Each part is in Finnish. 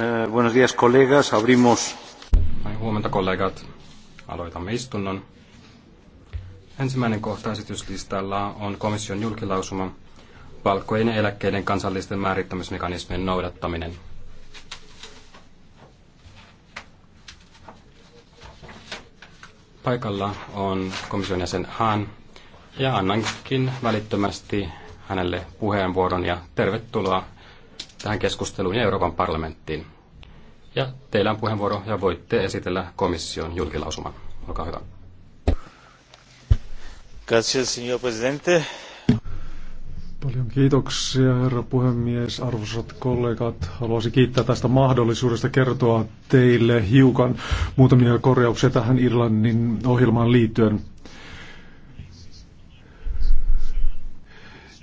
Eh, buenos días, Abrimos. Huomenta, kollegat. Aloitamme istunnon. Ensimmäinen kohta esityslistalla on komission julkilausuma palkkojen ja eläkkeiden kansallisten määrittämismekanismien noudattaminen. Paikalla on komission jäsen Hahn ja annankin välittömästi hänelle puheenvuoron ja tervetuloa tähän keskusteluun ja Euroopan parlamenttiin. Ja teillä on puheenvuoro ja voitte esitellä komission julkilausuman. Olkaa hyvä. Grazie, signor presidente. Paljon kiitoksia, herra puhemies, arvoisat kollegat. Haluaisin kiittää tästä mahdollisuudesta kertoa teille hiukan muutamia korjauksia tähän Irlannin ohjelmaan liittyen.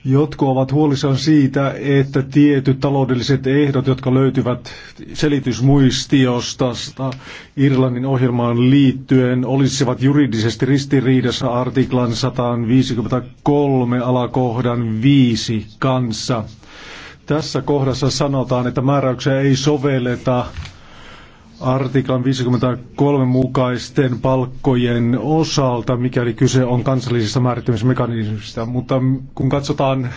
Jotkut ovat huolissaan siitä, että tietyt taloudelliset ehdot, jotka löytyvät selitysmuistiosta Irlannin ohjelmaan liittyen, olisivat juridisesti ristiriidassa artiklan 153 alakohdan 5 kanssa. Tässä kohdassa sanotaan, että määräyksiä ei sovelleta artiklan 53 mukaisten palkkojen osalta, mikäli kyse on kansallisista määrittämismekanismista. Mutta kun katsotaan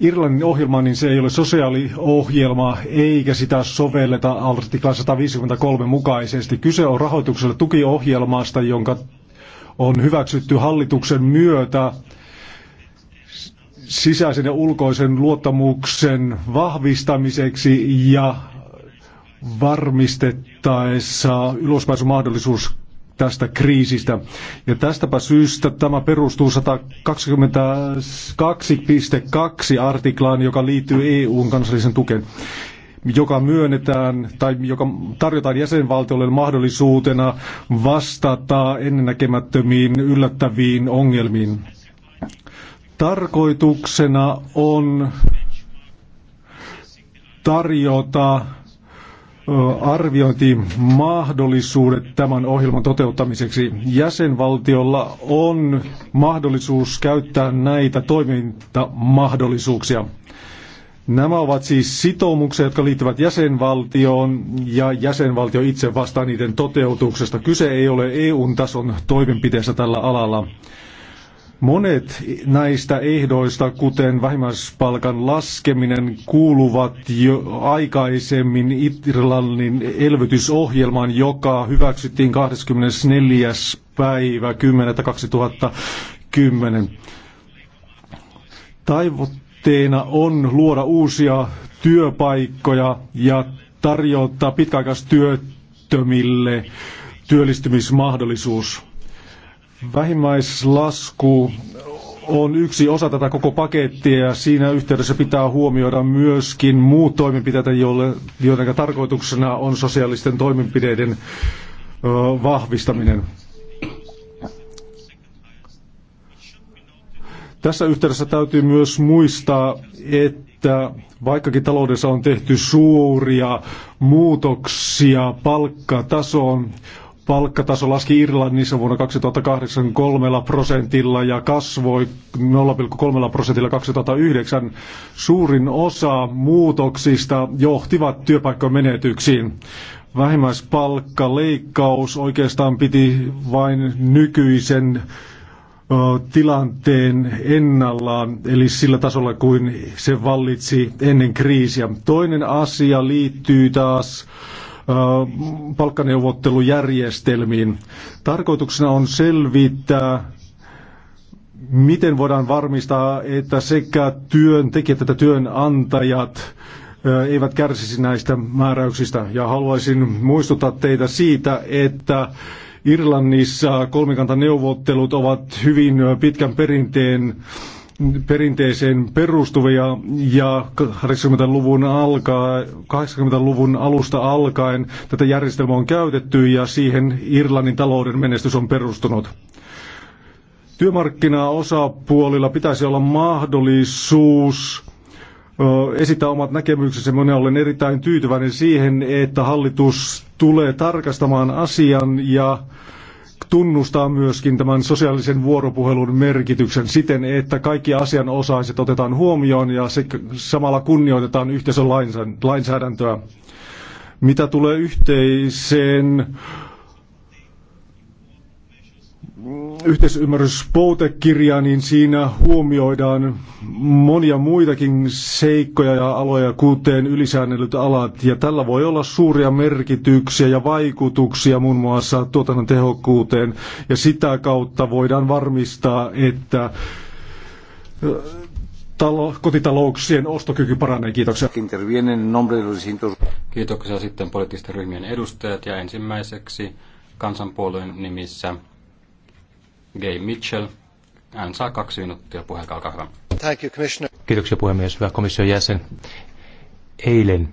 Irlannin ohjelmaa, niin se ei ole sosiaaliohjelma, eikä sitä sovelleta artiklan 153 mukaisesti. Kyse on rahoituksella tukiohjelmasta, jonka on hyväksytty hallituksen myötä sisäisen ja ulkoisen luottamuksen vahvistamiseksi ja varmistettaessa ulospääsymahdollisuus tästä kriisistä. Ja tästäpä syystä tämä perustuu 122.2 artiklaan, joka liittyy EUn kansallisen tukeen joka myönnetään tai joka tarjotaan jäsenvaltiolle mahdollisuutena vastata ennennäkemättömiin yllättäviin ongelmiin. Tarkoituksena on tarjota arviointimahdollisuudet tämän ohjelman toteuttamiseksi. Jäsenvaltiolla on mahdollisuus käyttää näitä toimintamahdollisuuksia. Nämä ovat siis sitoumuksia, jotka liittyvät jäsenvaltioon ja jäsenvaltio itse vastaa niiden toteutuksesta. Kyse ei ole eu tason toimenpiteestä tällä alalla. Monet näistä ehdoista, kuten vähimmäispalkan laskeminen, kuuluvat jo aikaisemmin Irlannin elvytysohjelmaan, joka hyväksyttiin 24. päivä 10. 2010. Tavoitteena on luoda uusia työpaikkoja ja tarjota pitkäaikaistyöttömille työllistymismahdollisuus. Vähimmäislasku on yksi osa tätä koko pakettia ja siinä yhteydessä pitää huomioida myöskin muut toimenpiteitä, joiden tarkoituksena on sosiaalisten toimenpiteiden vahvistaminen. Tässä yhteydessä täytyy myös muistaa, että vaikkakin taloudessa on tehty suuria muutoksia palkkatasoon, Palkkataso laski Irlannissa vuonna 2008 kolmella prosentilla ja kasvoi 0,3 prosentilla 2009. Suurin osa muutoksista johtivat työpaikkomenetyksiin. Vähimmäispalkkaleikkaus oikeastaan piti vain nykyisen tilanteen ennallaan, eli sillä tasolla kuin se vallitsi ennen kriisiä. Toinen asia liittyy taas palkkaneuvottelujärjestelmiin. Tarkoituksena on selvittää, miten voidaan varmistaa, että sekä työntekijät että työnantajat eivät kärsisi näistä määräyksistä. Ja haluaisin muistuttaa teitä siitä, että Irlannissa kolmikantaneuvottelut ovat hyvin pitkän perinteen äh, perinteeseen perustuvia ja 80-luvun alkaa, 80-luvun alusta alkaen tätä järjestelmää on käytetty ja siihen Irlannin talouden menestys on perustunut. Työmarkkinaosapuolilla pitäisi olla mahdollisuus esittää omat näkemyksensä. Minä olen erittäin tyytyväinen siihen, että hallitus tulee tarkastamaan asian ja tunnustaa myöskin tämän sosiaalisen vuoropuhelun merkityksen siten, että kaikki asianosaiset otetaan huomioon ja se, samalla kunnioitetaan yhteisön lainsäädäntöä. Mitä tulee yhteiseen yhteisymmärryspoutekirjaa, niin siinä huomioidaan monia muitakin seikkoja ja aloja, kuten ylisäännellyt alat. Ja tällä voi olla suuria merkityksiä ja vaikutuksia muun muassa tuotannon tehokkuuteen. Ja sitä kautta voidaan varmistaa, että talo, kotitalouksien ostokyky paranee. Kiitoksia. Kiitoksia sitten poliittisten ryhmien edustajat ja ensimmäiseksi kansanpuolueen nimissä Gay Mitchell. Hän saa kaksi minuuttia puheenjohtaja, olkaa hyvä. Thank you, Commissioner. Kiitoksia puhemies, hyvä komission jäsen. Eilen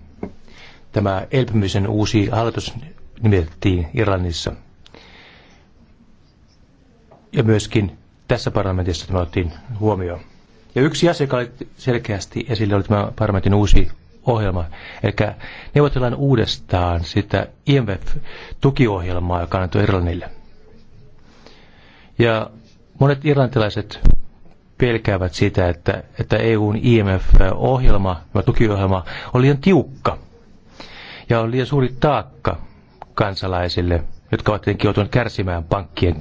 tämä elpymisen uusi hallitus nimettiin Irlannissa. Ja myöskin tässä parlamentissa tämä otettiin huomioon. Ja yksi asia, joka oli selkeästi esillä, oli tämä parlamentin uusi ohjelma. Eli neuvotellaan uudestaan sitä IMF-tukiohjelmaa, joka annettu Irlannille. Ja monet irlantilaiset pelkäävät sitä, että, että EUn IMF-ohjelma, tämä tukiohjelma, on liian tiukka ja on liian suuri taakka kansalaisille, jotka ovat tietenkin joutuneet kärsimään pankkien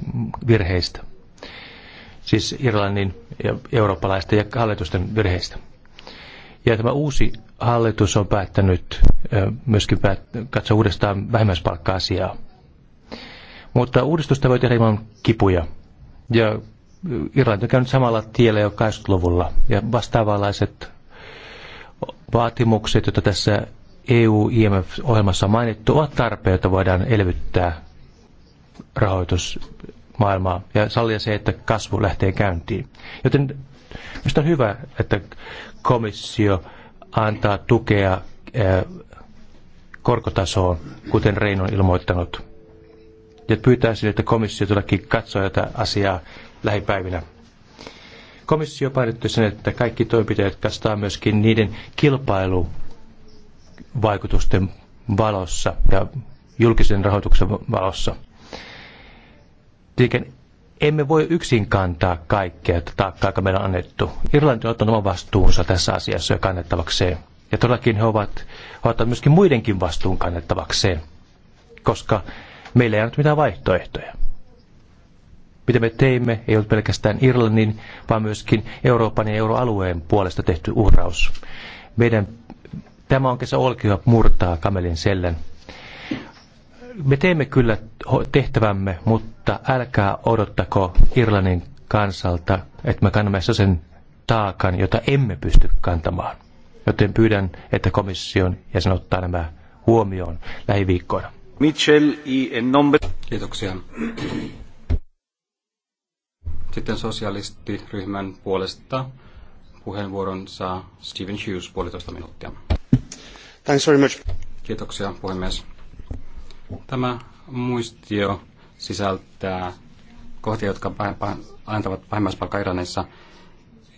virheistä. Siis Irlannin ja eurooppalaisten ja hallitusten virheistä. Ja tämä uusi hallitus on päättänyt myöskin päät- katsoa uudestaan vähimmäispalkka-asiaa. Mutta uudistusta voi tehdä ilman kipuja. Ja Irlanti on käynyt samalla tiellä jo 80-luvulla. Ja vastaavanlaiset vaatimukset, joita tässä EU-IMF-ohjelmassa on mainittu, ovat tarpeita, joita voidaan elvyttää rahoitusmaailmaa ja sallia se, että kasvu lähtee käyntiin. Joten minusta on hyvä, että komissio antaa tukea korkotasoon, kuten Reino on ilmoittanut ja pyytäisin, että komissio tuleekin katsoa tätä asiaa lähipäivinä. Komissio painotti sen, että kaikki toimenpiteet kastaa myöskin niiden kilpailuvaikutusten valossa ja julkisen rahoituksen valossa. Tietenkin emme voi yksin kantaa kaikkea että taakkaa, joka meillä on annettu. Irlanti on ottanut oman vastuunsa tässä asiassa jo kannettavakseen. Ja todellakin he ovat, he ovat myöskin muidenkin vastuun kannettavakseen, koska Meillä ei ollut mitään vaihtoehtoja. Mitä me teimme, ei ollut pelkästään Irlannin, vaan myöskin Euroopan ja euroalueen puolesta tehty uhraus. Meidän, tämä on kesä olkiva murtaa kamelin sellen. Me teemme kyllä tehtävämme, mutta älkää odottako Irlannin kansalta, että me kannamme sen taakan, jota emme pysty kantamaan. Joten pyydän, että komission jäsen ottaa nämä huomioon lähiviikkoina. Mitchell y en nombre... Kiitoksia. Sitten sosialistiryhmän puolesta puheenvuoron saa Stephen Hughes puolitoista minuuttia. Thanks very much. Kiitoksia puhemies. Tämä muistio sisältää kohtia, jotka antavat vähimmäispalkkaa Irlannissa.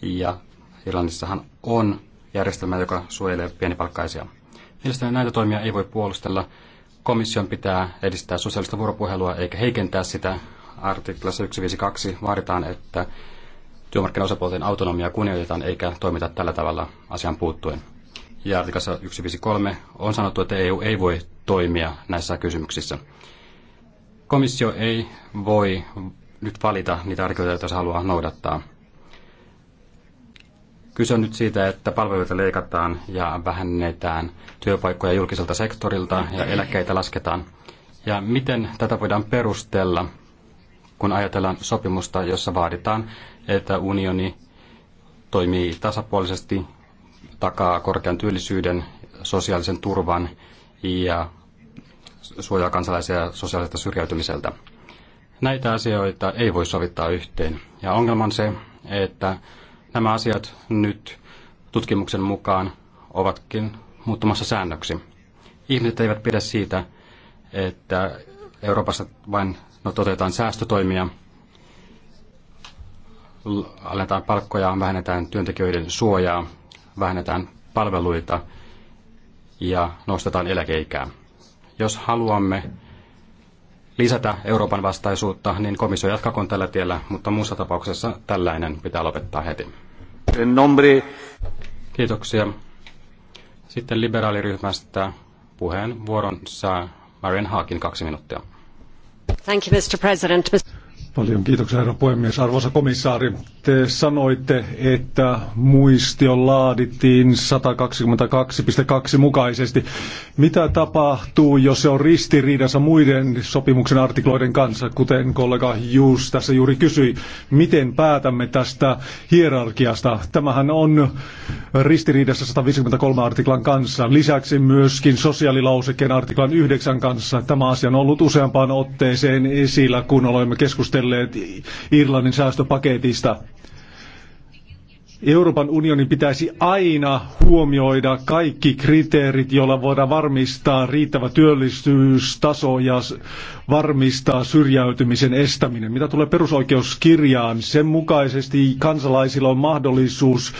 Ja Irlannissahan on järjestelmä, joka suojelee pienipalkkaisia. Mielestäni näitä toimia ei voi puolustella, komission pitää edistää sosiaalista vuoropuhelua eikä heikentää sitä. Artiklassa 152 vaaditaan, että työmarkkinaosapuolten autonomiaa kunnioitetaan eikä toimita tällä tavalla asian puuttuen. Ja artiklassa 153 on sanottu, että EU ei voi toimia näissä kysymyksissä. Komissio ei voi nyt valita niitä artikloita, joita se haluaa noudattaa. Kyse on nyt siitä, että palveluita leikataan ja vähennetään työpaikkoja julkiselta sektorilta ja eläkkeitä lasketaan. Ja miten tätä voidaan perustella, kun ajatellaan sopimusta, jossa vaaditaan, että unioni toimii tasapuolisesti, takaa korkean työllisyyden, sosiaalisen turvan ja suojaa kansalaisia sosiaalista syrjäytymiseltä. Näitä asioita ei voi sovittaa yhteen. Ja ongelma on se, että Nämä asiat nyt tutkimuksen mukaan ovatkin muuttumassa säännöksi. Ihmiset eivät pidä siitä, että Euroopassa vain no, toteutetaan säästötoimia, aletaan palkkoja, vähennetään työntekijöiden suojaa, vähennetään palveluita ja nostetaan eläkeikää. Jos haluamme lisätä Euroopan vastaisuutta, niin komissio jatkakoon tällä tiellä, mutta muussa tapauksessa tällainen pitää lopettaa heti. Kiitoksia. Sitten liberaaliryhmästä puheenvuoron saa Marian Haakin kaksi minuuttia. Thank you, Mr. President. Mr. Paljon kiitoksia, herra puhemies. Arvoisa komissaari, te sanoitte, että muistio laadittiin 122.2 mukaisesti. Mitä tapahtuu, jos se on ristiriidassa muiden sopimuksen artikloiden kanssa, kuten kollega Juus tässä juuri kysyi? Miten päätämme tästä hierarkiasta? Tämähän on ristiriidassa 153 artiklan kanssa. Lisäksi myöskin sosiaalilausekkeen artiklan 9 kanssa. Tämä asia on ollut useampaan otteeseen esillä, kun olemme keskustelleet keskustelleet Irlannin säästöpaketista. Euroopan unionin pitäisi aina huomioida kaikki kriteerit, joilla voidaan varmistaa riittävä työllisyystaso ja varmistaa syrjäytymisen estäminen. Mitä tulee perusoikeuskirjaan, sen mukaisesti kansalaisilla on mahdollisuus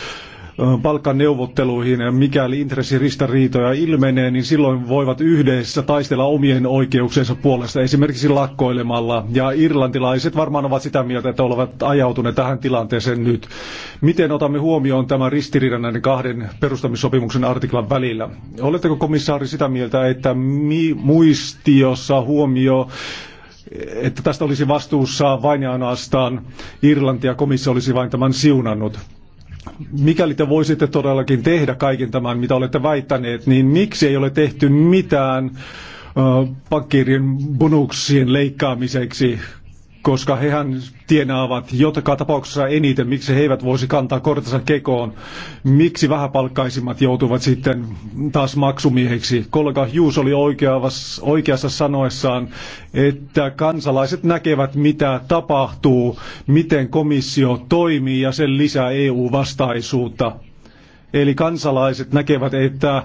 Balkan-neuvotteluihin, Mikäli intressiristariitoja ilmenee, niin silloin voivat yhdessä taistella omien oikeuksensa puolesta, esimerkiksi lakkoilemalla. Ja irlantilaiset varmaan ovat sitä mieltä, että ovat ajautuneet tähän tilanteeseen nyt. Miten otamme huomioon tämän ristiriidan näiden kahden perustamissopimuksen artiklan välillä? Oletteko komissaari sitä mieltä, että mi- muistiossa huomio että tästä olisi vastuussa vain ja ainoastaan Irlanti ja komissio olisi vain tämän siunannut mikäli te voisitte todellakin tehdä kaiken tämän, mitä olette väittäneet, niin miksi ei ole tehty mitään pankkiirien bonuksien leikkaamiseksi koska hehän tienaavat joka tapauksessa eniten. Miksi he eivät voisi kantaa kortensa kekoon? Miksi vähäpalkkaisimmat joutuvat sitten taas maksumieheksi? Kollega Hughes oli oikeassa sanoessaan, että kansalaiset näkevät, mitä tapahtuu, miten komissio toimii ja sen lisää EU-vastaisuutta. Eli kansalaiset näkevät, että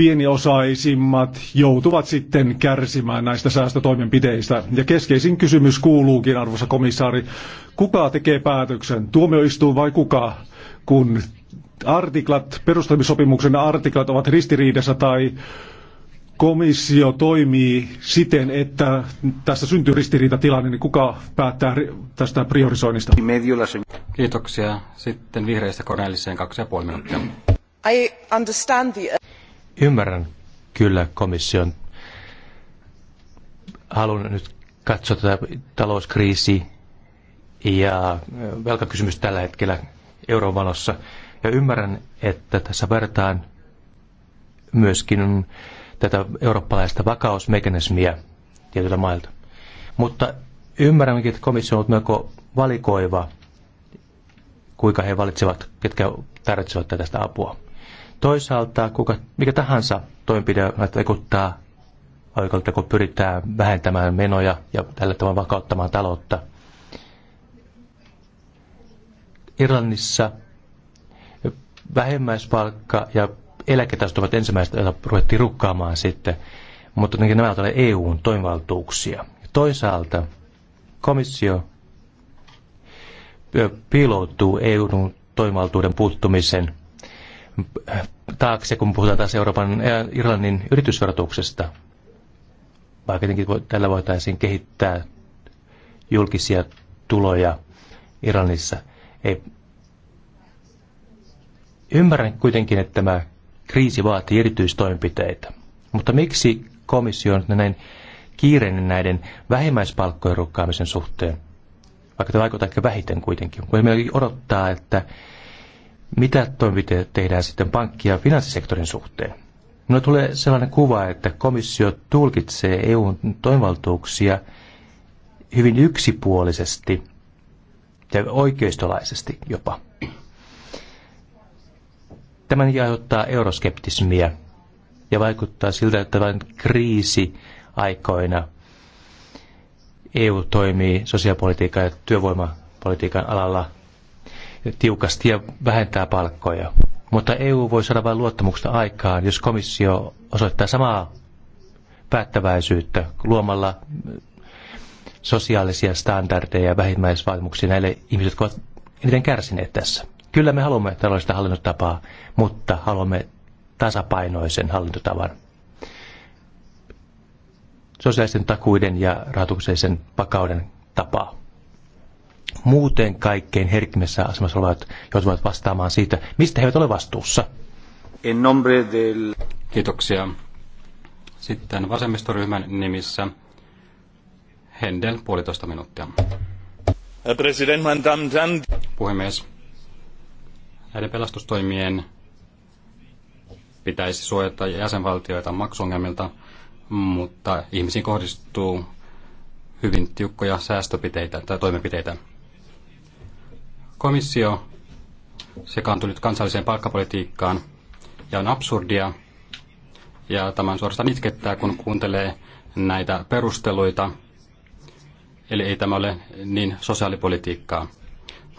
pieniosaisimmat joutuvat sitten kärsimään näistä säästötoimenpiteistä. Ja keskeisin kysymys kuuluukin, arvoisa komissaari, kuka tekee päätöksen, tuomioistuin vai kuka, kun artiklat, perustamissopimuksen artiklat ovat ristiriidassa tai komissio toimii siten, että tässä syntyy ristiriitatilanne, niin kuka päättää tästä priorisoinnista? Kiitoksia. Sitten vihreistä Corneliseen kaksi ja puoli minuuttia. I understand the... Ymmärrän kyllä komission halun nyt katsoa tätä talouskriisi ja velkakysymys tällä hetkellä euron valossa. Ja ymmärrän, että tässä vertaan myöskin tätä eurooppalaista vakausmekanismia tietyllä mailta. Mutta ymmärrämmekin, että komissio on ollut melko valikoiva, kuinka he valitsevat, ketkä tarvitsevat tästä apua. Toisaalta kuka, mikä tahansa toimenpide vaikuttaa oikealta, kun pyritään vähentämään menoja ja tällä tavalla vakauttamaan taloutta. Irlannissa vähemmäispalkka ja eläketasot ovat ensimmäistä joita ruvettiin rukkaamaan sitten, mutta nämä ovat EUn toimivaltuuksia. Toisaalta komissio piiloutuu EUn toimivaltuuden puuttumisen taakse, kun puhutaan taas Euroopan Irlannin yritysverotuksesta. Vaikka tietenkin tällä voitaisiin kehittää julkisia tuloja Irlannissa. Ei. Ymmärrän kuitenkin, että tämä kriisi vaatii erityistoimenpiteitä. Mutta miksi komissio on näin kiireinen näiden vähimmäispalkkojen rukkaamisen suhteen? Vaikka te vaikuttaa ehkä vähiten kuitenkin. Kun meillä odottaa, että mitä toimenpiteet tehdään sitten pankki- ja finanssisektorin suhteen. Minulle no, tulee sellainen kuva, että komissio tulkitsee EUn toimivaltuuksia hyvin yksipuolisesti ja oikeistolaisesti jopa. Tämä niin aiheuttaa euroskeptismiä ja vaikuttaa siltä, että vain kriisi aikoina EU toimii sosiaalipolitiikan ja työvoimapolitiikan alalla tiukasti ja vähentää palkkoja. Mutta EU voi saada vain luottamuksesta aikaan, jos komissio osoittaa samaa päättäväisyyttä luomalla sosiaalisia standardeja ja vähimmäisvaatimuksia näille ihmisille, jotka ovat eniten kärsineet tässä. Kyllä me haluamme tällaista hallintotapaa, mutta haluamme tasapainoisen hallintotavan. Sosiaalisten takuiden ja rahoituksellisen vakauden tapaa muuten kaikkein herkimmässä asemassa olevat joutuvat vastaamaan siitä, mistä he eivät ole vastuussa. En nombre del... Kiitoksia. Sitten vasemmistoryhmän nimissä Hendel puolitoista minuuttia. President, madame, Puhemies, näiden pelastustoimien pitäisi suojata jäsenvaltioita maksuongelmilta, mutta ihmisiin kohdistuu hyvin tiukkoja säästöpiteitä tai toimenpiteitä. Komissio sekaantui nyt kansalliseen palkkapolitiikkaan ja on absurdia ja tämän suorastaan itkettää, kun kuuntelee näitä perusteluita. Eli ei tämä ole niin sosiaalipolitiikkaa.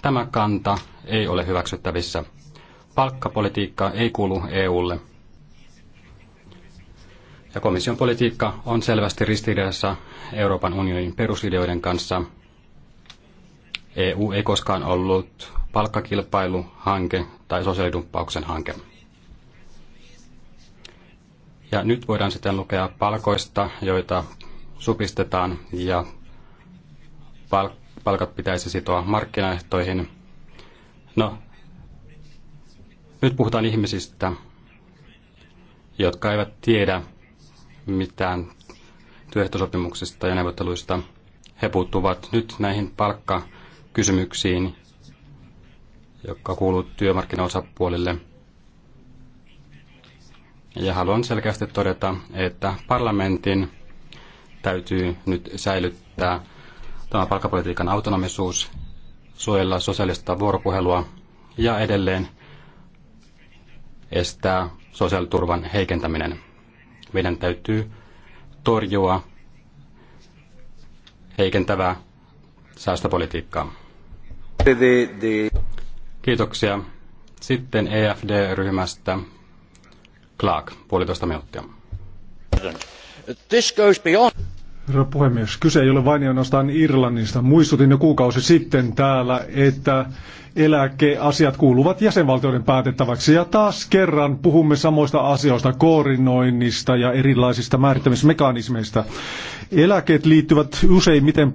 Tämä kanta ei ole hyväksyttävissä. Palkkapolitiikka ei kuulu EUlle. Ja komission politiikka on selvästi ristiriidassa Euroopan unionin perusideoiden kanssa – EU ei koskaan ollut palkkakilpailuhanke tai sosiaalidumppauksen hanke. Ja nyt voidaan sitten lukea palkoista, joita supistetaan ja palkat pitäisi sitoa markkinaehtoihin. No, nyt puhutaan ihmisistä, jotka eivät tiedä mitään työehtosopimuksista ja neuvotteluista. He puuttuvat nyt näihin palkka kysymyksiin, jotka kuuluvat työmarkkinaosapuolille. Ja haluan selkeästi todeta, että parlamentin täytyy nyt säilyttää tämä palkkapolitiikan autonomisuus, suojella sosiaalista vuoropuhelua ja edelleen estää sosiaaliturvan heikentäminen. Meidän täytyy torjua heikentävää säästöpolitiikkaa. Kiitoksia. Sitten EFD-ryhmästä Clark, puolitoista minuuttia. This goes beyond... Herra puhemies, kyse ei ole vain ainoastaan Irlannista. Muistutin jo kuukausi sitten täällä, että eläkeasiat kuuluvat jäsenvaltioiden päätettäväksi. Ja taas kerran puhumme samoista asioista, koordinoinnista ja erilaisista määrittämismekanismeista. Eläkeet liittyvät useimmiten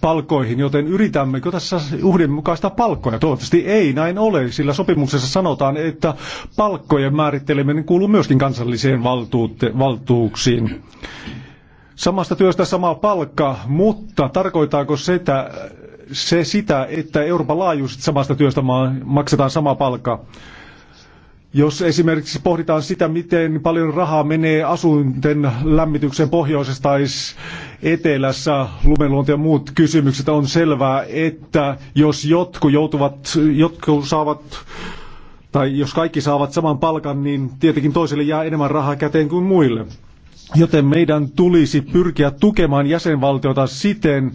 palkoihin, joten yritämmekö tässä yhdenmukaista palkkoja? Toivottavasti ei näin ole, sillä sopimuksessa sanotaan, että palkkojen määritteleminen kuuluu myöskin kansalliseen valtuuksiin samasta työstä sama palkka, mutta tarkoittaako se sitä, että Euroopan laajuisesti samasta työstä maksetaan sama palkka? Jos esimerkiksi pohditaan sitä, miten paljon rahaa menee asuinten lämmitykseen pohjoisessa tai etelässä, lumenluonti ja muut kysymykset, on selvää, että jos jotkut joutuvat, jotkut saavat tai jos kaikki saavat saman palkan, niin tietenkin toiselle jää enemmän rahaa käteen kuin muille. Joten meidän tulisi pyrkiä tukemaan jäsenvaltiota siten,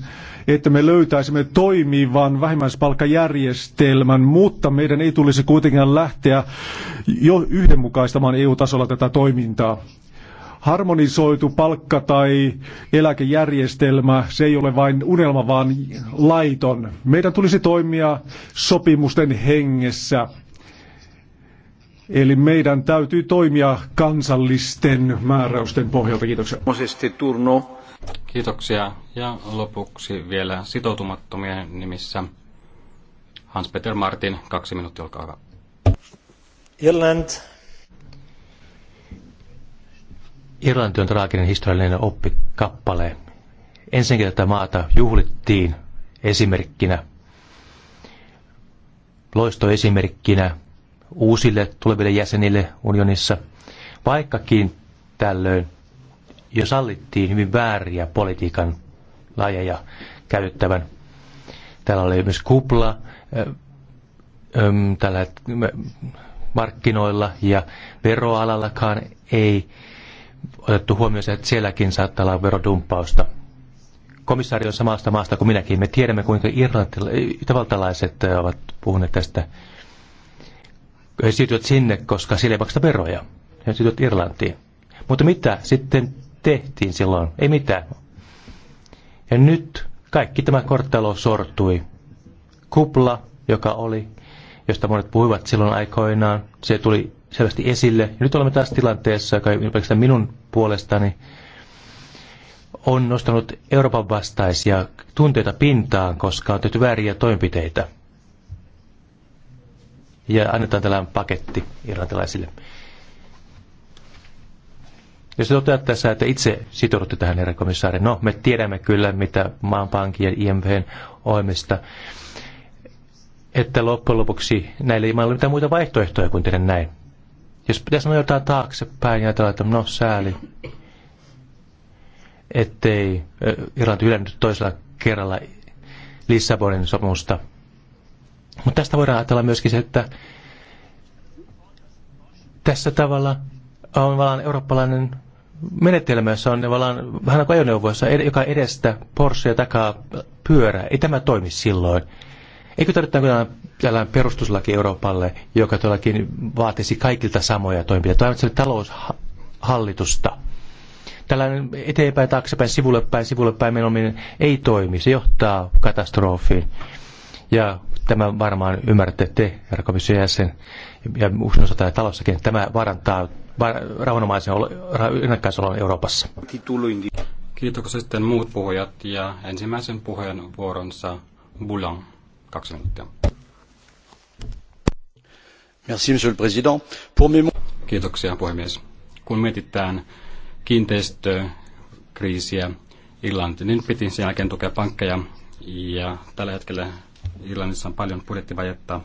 että me löytäisimme toimivan vähimmäispalkkajärjestelmän, mutta meidän ei tulisi kuitenkaan lähteä jo yhdenmukaistamaan EU-tasolla tätä toimintaa. Harmonisoitu palkka tai eläkejärjestelmä, se ei ole vain unelma, vaan laiton. Meidän tulisi toimia sopimusten hengessä Eli meidän täytyy toimia kansallisten määräysten pohjalta. Kiitoksia. Kiitoksia. Ja lopuksi vielä sitoutumattomien nimissä Hans-Peter Martin, kaksi minuuttia, olkaa hyvä. Irland. Irlanti on traaginen historiallinen oppikappale. Ensinnäkin tätä maata juhlittiin esimerkkinä, loistoesimerkkinä uusille tuleville jäsenille unionissa, vaikkakin tällöin jo sallittiin hyvin vääriä politiikan lajeja käyttävän. Täällä oli myös kupla tällä markkinoilla ja veroalallakaan ei otettu huomioon, että sielläkin saattaa olla verodumppausta. Komissaari on samasta maasta kuin minäkin. Me tiedämme, kuinka irlantilaiset ovat puhuneet tästä he siirtyivät sinne, koska siellä ei makseta veroja. He siirtyivät Irlantiin. Mutta mitä sitten tehtiin silloin? Ei mitään. Ja nyt kaikki tämä korttelo sortui. Kupla, joka oli, josta monet puhuivat silloin aikoinaan, se tuli selvästi esille. Ja nyt olemme taas tilanteessa, joka ei minun puolestani, on nostanut Euroopan vastaisia tunteita pintaan, koska on tehty vääriä toimenpiteitä ja annetaan tällainen paketti irlantilaisille. Jos toteat tässä, että itse sitoudutte tähän, herra komissaari, no me tiedämme kyllä, mitä Maanpankin ja IMVn ohjelmista, että loppujen lopuksi näille ei ole mitään muita vaihtoehtoja kuin tehdä näin. Jos pitäisi sanoa jotain taaksepäin ja ajatella, että no sääli, ettei Irlanti hylännyt toisella kerralla Lissabonin sopimusta – mutta tästä voidaan ajatella myöskin se, että tässä tavalla on valaan eurooppalainen menetelmä, jossa on tavallaan vähän kuin ajoneuvoissa, joka edestä Porsche ja takaa pyörää. Ei tämä toimi silloin. Eikö tarvita tällainen perustuslaki Euroopalle, joka todellakin vaatisi kaikilta samoja toimenpiteitä? Tarvitsemme taloushallitusta. Tällainen eteenpäin, taaksepäin, sivulle päin, sivulle päin menominen ei toimi. Se johtaa katastrofiin. Ja Tämä varmaan ymmärrätte te, herra komission jäsen, ja uskon osa talossakin, että tämä varantaa rauhanomaisen ennakkaisolon Euroopassa. Kiitoksia sitten muut puhujat ja ensimmäisen puheenvuoronsa Boulan. Kaksi minuuttia. Merci, monsieur le président. Pour mes... Kiitoksia puhemies. Kun mietitään kiinteistökriisiä, Irlantiin, niin piti sen jälkeen tukea pankkeja ja tällä hetkellä Irlannissa on paljon budjettivajetta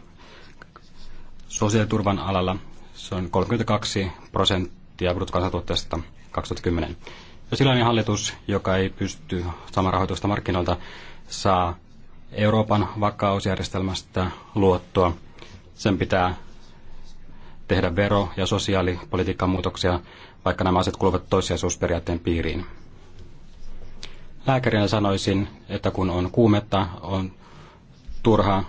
sosiaaliturvan alalla. Se on 32 prosenttia bruttokansantuotteesta 2010. Jos Irlannin hallitus, joka ei pysty saamaan rahoitusta markkinoilta, saa Euroopan vakausjärjestelmästä luottoa, sen pitää tehdä vero- ja sosiaalipolitiikan muutoksia, vaikka nämä asiat kuuluvat toissijaisuusperiaatteen piiriin. Lääkärinä sanoisin, että kun on kuumetta, on Turha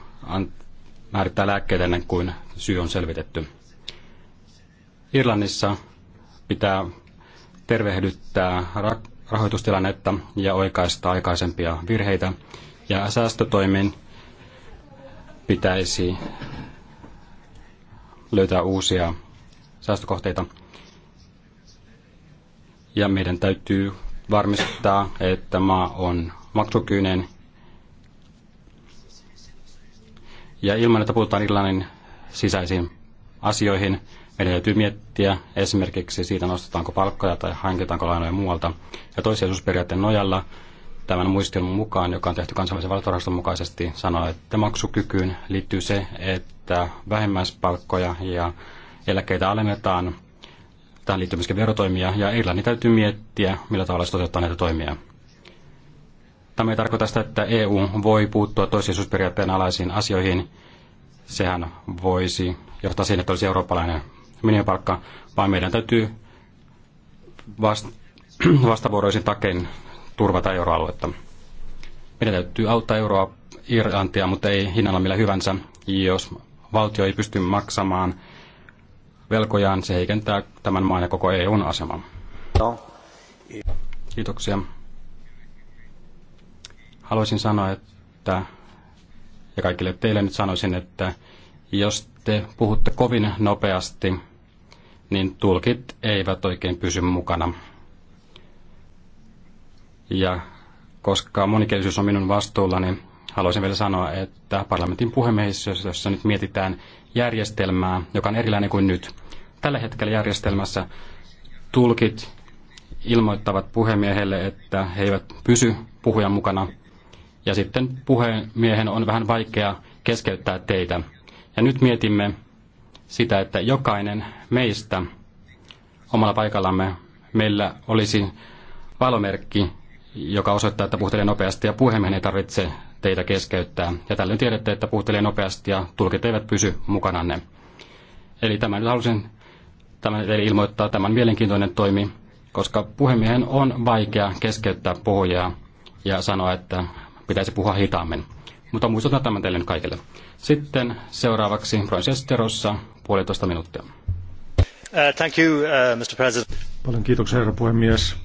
määrittää lääkkeitä ennen kuin syy on selvitetty. Irlannissa pitää tervehdyttää rahoitustilannetta ja oikaista aikaisempia virheitä. Ja säästötoimin pitäisi löytää uusia säästökohteita. Ja meidän täytyy varmistaa, että maa on maksukyinen Ja ilman, että puhutaan Irlannin sisäisiin asioihin, meidän täytyy miettiä esimerkiksi siitä, nostetaanko palkkoja tai hankitaanko lainoja muualta. Ja toissijaisuusperiaatteen nojalla tämän muistion mukaan, joka on tehty kansainvälisen valtorahaston mukaisesti, sanoo, että maksukykyyn liittyy se, että vähemmäispalkkoja ja eläkkeitä alennetaan. Tähän liittyy myöskin verotoimia, ja Irlannin täytyy miettiä, millä tavalla se toteuttaa näitä toimia. Tämä ei tarkoita sitä, että EU voi puuttua toissijaisuusperiaatteen alaisiin asioihin. Sehän voisi johtaa siihen, että olisi eurooppalainen minimipalkka, vaan meidän täytyy vastavuoroisin takein turvata euroaluetta. Meidän täytyy auttaa euroa Irlantia, mutta ei hinnalla millä hyvänsä. Jos valtio ei pysty maksamaan velkojaan, se heikentää tämän maan ja koko EUn asemaa. No. Kiitoksia. Haluaisin sanoa, että ja kaikille teille nyt sanoisin, että jos te puhutte kovin nopeasti, niin tulkit eivät oikein pysy mukana. Ja koska monikielisyys on minun vastuullani, haluaisin vielä sanoa, että parlamentin puhemiehistössä nyt mietitään järjestelmää, joka on erilainen kuin nyt. Tällä hetkellä järjestelmässä tulkit ilmoittavat puhemiehelle, että he eivät pysy puhujan mukana, ja sitten puhemiehen on vähän vaikea keskeyttää teitä. Ja nyt mietimme sitä, että jokainen meistä omalla paikallamme meillä olisi valomerkki, joka osoittaa, että puhutelee nopeasti ja puhemiehen ei tarvitse teitä keskeyttää. Ja tällöin tiedätte, että puhutelee nopeasti ja tulkit eivät pysy mukananne. Eli nyt halusin tämän teille ilmoittaa tämän mielenkiintoinen toimi, koska puhemiehen on vaikea keskeyttää puhujaa ja sanoa, että pitäisi puhua hitaammin. Mutta muistutan tämän teille kaikille. Sitten seuraavaksi Bronzesterossa puolitoista minuuttia. Uh, thank you, uh, Mr. President. Paljon kiitoksia, herra puhemies.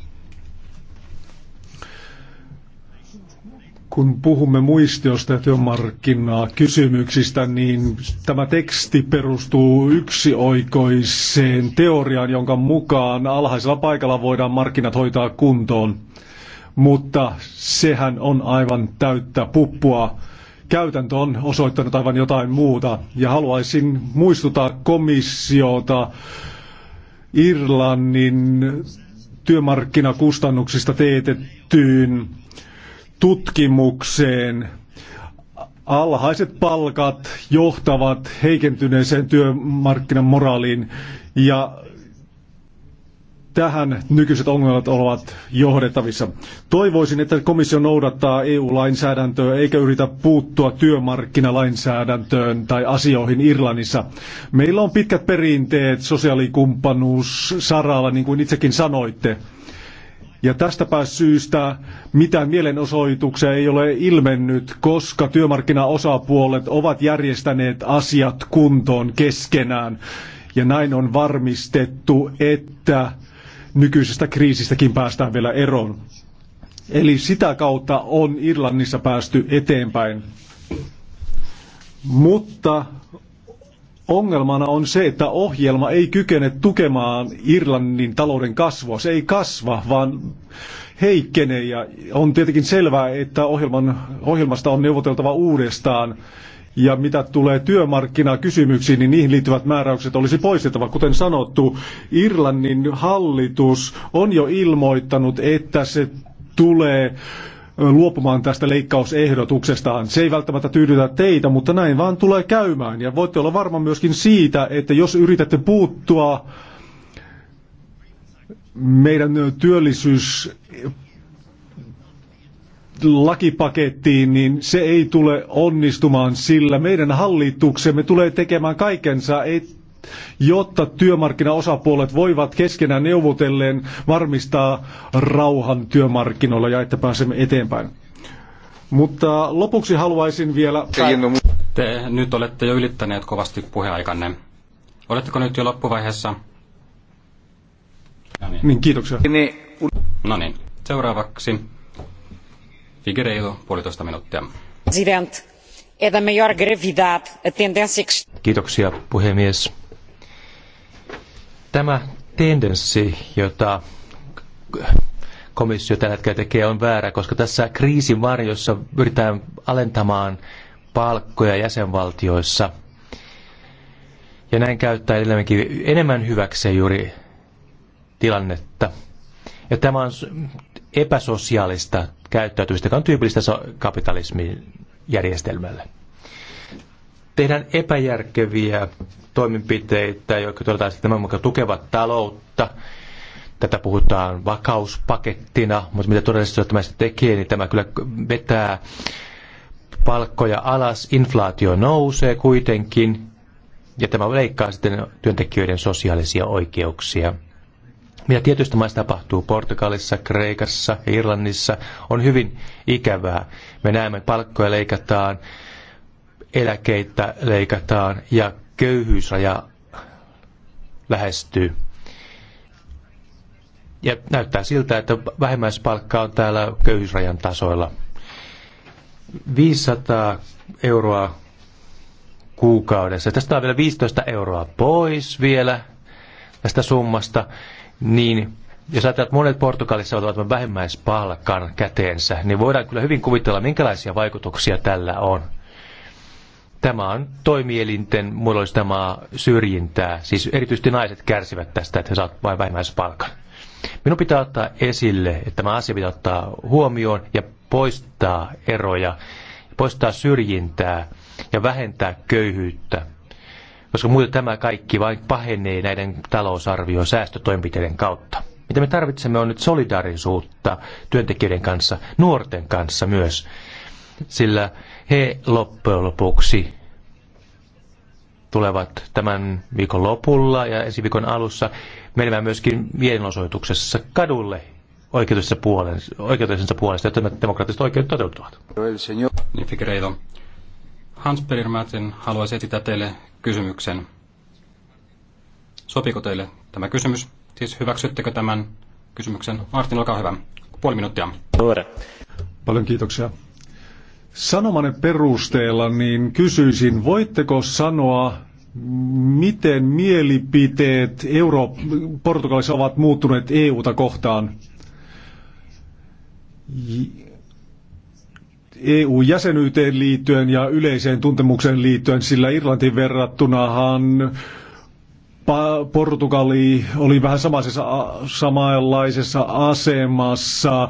kun puhumme muistiosta ja työmarkkinaa kysymyksistä, niin tämä teksti perustuu yksioikoiseen teoriaan, jonka mukaan alhaisella paikalla voidaan markkinat hoitaa kuntoon mutta sehän on aivan täyttä puppua. Käytäntö on osoittanut aivan jotain muuta ja haluaisin muistuttaa komissiota Irlannin työmarkkinakustannuksista teetettyyn tutkimukseen. Alhaiset palkat johtavat heikentyneeseen työmarkkinan moraaliin ja tähän nykyiset ongelmat ovat johdettavissa. Toivoisin, että komissio noudattaa EU-lainsäädäntöä eikä yritä puuttua työmarkkinalainsäädäntöön tai asioihin Irlannissa. Meillä on pitkät perinteet, sosiaalikumppanuus, saralla, niin kuin itsekin sanoitte. Ja tästäpä syystä mitään mielenosoituksia ei ole ilmennyt, koska työmarkkinaosapuolet ovat järjestäneet asiat kuntoon keskenään. Ja näin on varmistettu, että nykyisestä kriisistäkin päästään vielä eroon. Eli sitä kautta on Irlannissa päästy eteenpäin. Mutta ongelmana on se, että ohjelma ei kykene tukemaan Irlannin talouden kasvua. Se ei kasva, vaan heikkenee ja on tietenkin selvää, että ohjelman, ohjelmasta on neuvoteltava uudestaan ja mitä tulee työmarkkinakysymyksiin, niin niihin liittyvät määräykset olisi poistettava. Kuten sanottu, Irlannin hallitus on jo ilmoittanut, että se tulee luopumaan tästä leikkausehdotuksestaan. Se ei välttämättä tyydytä teitä, mutta näin vaan tulee käymään. Ja voitte olla varma myöskin siitä, että jos yritätte puuttua meidän työllisyys lakipakettiin, niin se ei tule onnistumaan sillä. Meidän hallituksemme tulee tekemään kaikensa, et, jotta työmarkkinaosapuolet voivat keskenään neuvotellen varmistaa rauhan työmarkkinoilla ja että pääsemme eteenpäin. Mutta lopuksi haluaisin vielä... Te nyt olette jo ylittäneet kovasti puheaikanne. Oletteko nyt jo loppuvaiheessa? No niin, niin kiitoksia. No niin, seuraavaksi Figueiredo, puolitoista minuuttia. President, maior a tendência que... Kiitoksia, puhemies. Tämä tendenssi, jota komissio tällä hetkellä tekee, on väärä, koska tässä kriisin varjossa pyritään alentamaan palkkoja jäsenvaltioissa. Ja näin käyttää enemmänkin enemmän hyväkseen juuri tilannetta. Ja tämä on epäsosiaalista käyttäytymistä, joka on tyypillistä kapitalismin järjestelmälle. Tehdään epäjärkeviä toimenpiteitä, jotka todetaan sitten tämän mukaan tukevat taloutta. Tätä puhutaan vakauspakettina, mutta mitä todellisuudessa tämä sitten tekee, niin tämä kyllä vetää palkkoja alas, inflaatio nousee kuitenkin, ja tämä leikkaa sitten työntekijöiden sosiaalisia oikeuksia. Mitä tietystä maista tapahtuu Portugalissa, Kreikassa ja Irlannissa on hyvin ikävää. Me näemme, että palkkoja leikataan, eläkeitä leikataan ja köyhyysraja lähestyy. Ja näyttää siltä, että vähimmäispalkka on täällä köyhyysrajan tasoilla. 500 euroa kuukaudessa. Tästä on vielä 15 euroa pois vielä tästä summasta niin jos ajatellaan, että monet Portugalissa ovat vähimmäispalkan käteensä, niin voidaan kyllä hyvin kuvitella, minkälaisia vaikutuksia tällä on. Tämä on toimielinten muodollistamaa syrjintää, siis erityisesti naiset kärsivät tästä, että he saavat vain vähimmäispalkan. Minun pitää ottaa esille, että tämä asia pitää ottaa huomioon ja poistaa eroja, poistaa syrjintää ja vähentää köyhyyttä koska muuten tämä kaikki vain pahenee näiden talousarvio säästötoimenpiteiden kautta. Mitä me tarvitsemme on nyt solidaarisuutta työntekijöiden kanssa, nuorten kanssa myös, sillä he loppujen lopuksi tulevat tämän viikon lopulla ja ensi viikon alussa menemään myöskin mielenosoituksessa kadulle oikeutensa puolensa, puolesta, jotta demokraattiset oikeudet toteutuvat. Niin, Hans-Peter haluaisi esittää teille kysymyksen. Sopiiko teille tämä kysymys? Siis hyväksyttekö tämän kysymyksen? Martin, olkaa hyvä. Puoli minuuttia. Paljon kiitoksia. Sanomanne perusteella niin kysyisin, voitteko sanoa, miten mielipiteet Euro- Portugalissa ovat muuttuneet EU-ta kohtaan? EU-jäsenyyteen liittyen ja yleiseen tuntemukseen liittyen, sillä Irlantin verrattunahan Portugali oli vähän samaisessa, samanlaisessa asemassa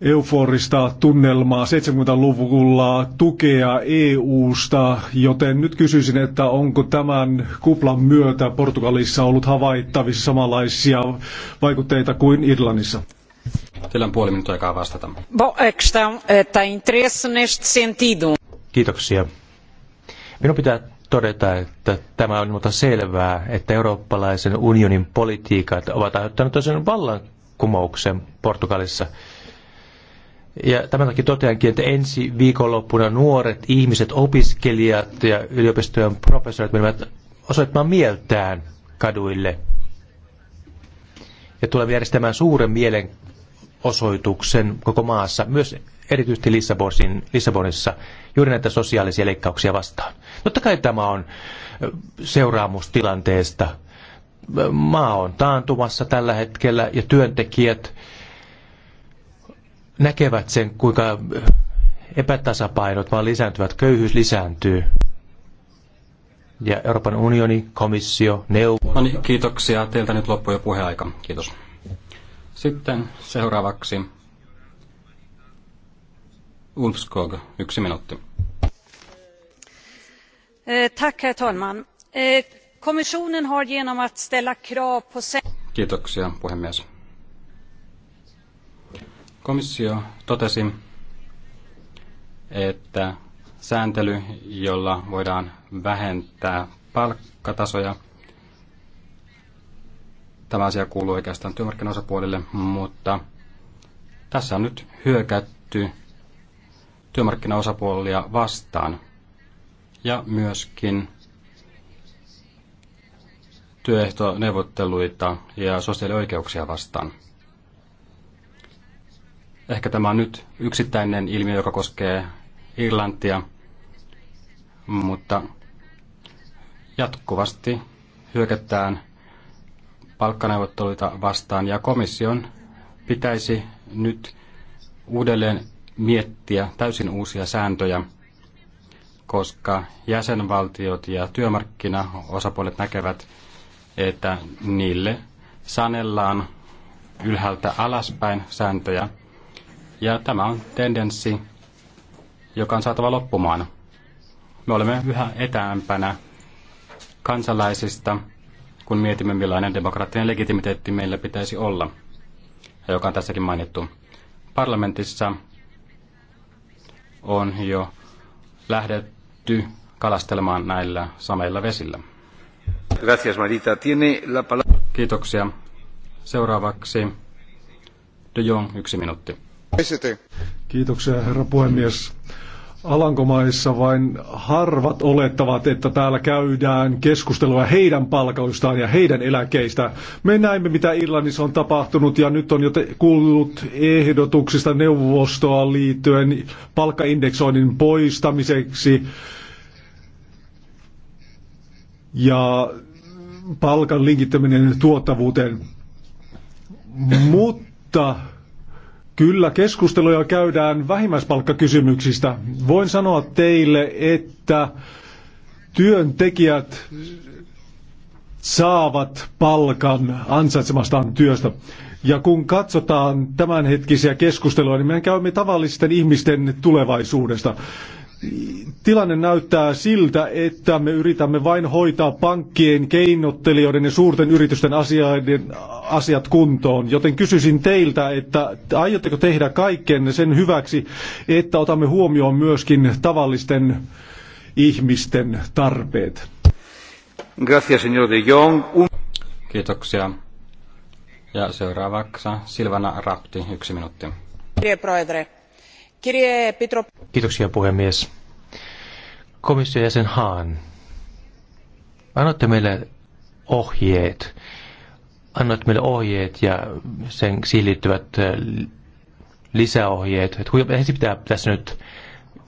euforista tunnelmaa 70-luvulla tukea EU-sta, joten nyt kysyisin, että onko tämän kuplan myötä Portugalissa ollut havaittavissa samanlaisia vaikutteita kuin Irlannissa? Teillä on puoli minuuttia aikaa vastata. Eh, Kiitoksia. Minun pitää todeta, että tämä on mutta selvää, että eurooppalaisen unionin politiikat ovat aiheuttaneet tosiaan vallankumouksen Portugalissa. Ja tämän takia toteankin, että ensi viikonloppuna nuoret ihmiset, opiskelijat ja yliopistojen professorit menevät osoittamaan mieltään kaduille. Ja tulemme järjestämään suuren mielen mielenosoituksen koko maassa, myös erityisesti Lissabonin, Lissabonissa, juuri näitä sosiaalisia leikkauksia vastaan. Totta kai tämä on seuraamus tilanteesta. Maa on taantumassa tällä hetkellä ja työntekijät näkevät sen, kuinka epätasapainot vaan lisääntyvät, köyhyys lisääntyy. Ja Euroopan unioni, komissio, neuvosto. No niin, kiitoksia. Teiltä nyt loppuu jo puheaika. Kiitos. Sitten seuraavaksi Ulfskog, yksi minuutti. Eh, tack, herr talman. Eh, kommissionen har genom att ställa krav på... Kiitoksia, puhemies. Komissio totesi, että sääntely, jolla voidaan vähentää palkkatasoja, Tämä asia kuuluu oikeastaan työmarkkinaosapuolille, mutta tässä on nyt hyökätty työmarkkinaosapuolia vastaan ja myöskin työehtoneuvotteluita ja sosiaalioikeuksia vastaan. Ehkä tämä on nyt yksittäinen ilmiö, joka koskee Irlantia, mutta jatkuvasti hyökätään palkkaneuvotteluita vastaan ja komission pitäisi nyt uudelleen miettiä täysin uusia sääntöjä, koska jäsenvaltiot ja työmarkkinaosapuolet näkevät, että niille sanellaan ylhäältä alaspäin sääntöjä. Ja tämä on tendenssi, joka on saatava loppumaan. Me olemme yhä etäämpänä kansalaisista kun mietimme, millainen demokraattinen legitimiteetti meillä pitäisi olla, ja joka on tässäkin mainittu. Parlamentissa on jo lähdetty kalastelemaan näillä sameilla vesillä. Gracias, Marita. Tiene la Kiitoksia. Seuraavaksi De Jong, yksi minuutti. Kiitoksia, herra puhemies. Mm. Alankomaissa vain harvat olettavat, että täällä käydään keskustelua heidän palkoistaan ja heidän eläkeistä. Me näimme, mitä Irlannissa on tapahtunut ja nyt on jo kuullut ehdotuksista neuvostoa liittyen palkkaindeksoinnin poistamiseksi. Ja palkan linkittäminen tuottavuuteen. Mutta Kyllä, keskusteluja käydään vähimmäispalkkakysymyksistä. Voin sanoa teille, että työntekijät saavat palkan ansaitsemastaan työstä. Ja kun katsotaan tämänhetkisiä keskusteluja, niin me käymme tavallisten ihmisten tulevaisuudesta tilanne näyttää siltä, että me yritämme vain hoitaa pankkien, keinottelijoiden ja suurten yritysten asioiden, asiat kuntoon. Joten kysyisin teiltä, että aiotteko tehdä kaikkenne sen hyväksi, että otamme huomioon myöskin tavallisten ihmisten tarpeet? Gracias, señor de Jong. Kiitoksia. Ja seuraavaksi Silvana Rapti, yksi minuutti. Kiitoksia puhemies. Komission jäsen Haan, annoitte meille ohjeet. Annoitte meille ohjeet ja sen, siihen liittyvät äh, lisäohjeet. Että ensin pitää tässä nyt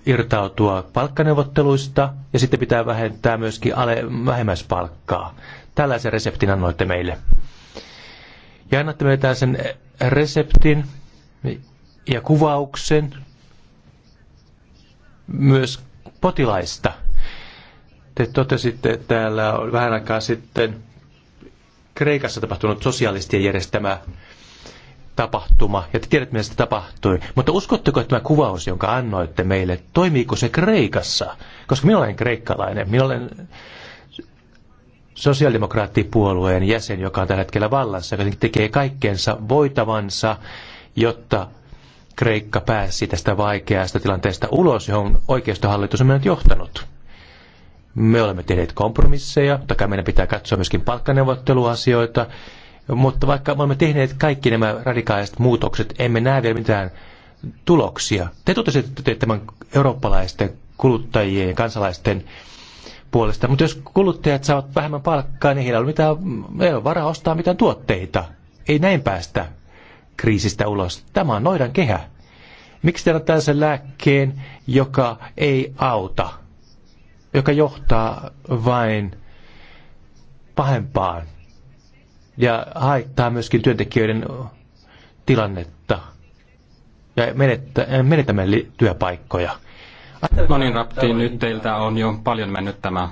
irtautua palkkaneuvotteluista ja sitten pitää vähentää myöskin ale, vähemmäispalkkaa. Tällaisen reseptin annoitte meille. Ja annatte meille tällaisen reseptin ja kuvauksen myös potilaista. Te totesitte että täällä on vähän aikaa sitten Kreikassa tapahtunut sosialistien järjestämä tapahtuma, ja te tiedätte, mitä se tapahtui. Mutta uskotteko, että tämä kuvaus, jonka annoitte meille, toimiiko se Kreikassa? Koska minä olen kreikkalainen, minä olen sosiaalidemokraattipuolueen jäsen, joka on tällä hetkellä vallassa, joka tekee kaikkeensa voitavansa, jotta Kreikka pääsi tästä vaikeasta tilanteesta ulos, johon oikeistohallitus on meidät johtanut. Me olemme tehneet kompromisseja, totta meidän pitää katsoa myöskin palkkaneuvotteluasioita, mutta vaikka me olemme tehneet kaikki nämä radikaaliset muutokset, emme näe vielä mitään tuloksia. Te totesitte tämän eurooppalaisten kuluttajien ja kansalaisten puolesta, mutta jos kuluttajat saavat vähemmän palkkaa, niin heillä ei ole, mitään, ei ole varaa ostaa mitään tuotteita. Ei näin päästä kriisistä ulos. Tämä on noidan kehä. Miksi te annatte sen lääkkeen, joka ei auta, joka johtaa vain pahempaan ja haittaa myöskin työntekijöiden tilannetta ja äh, menetämme työpaikkoja. No niin, Rapti, nyt teiltä on jo paljon mennyt tämä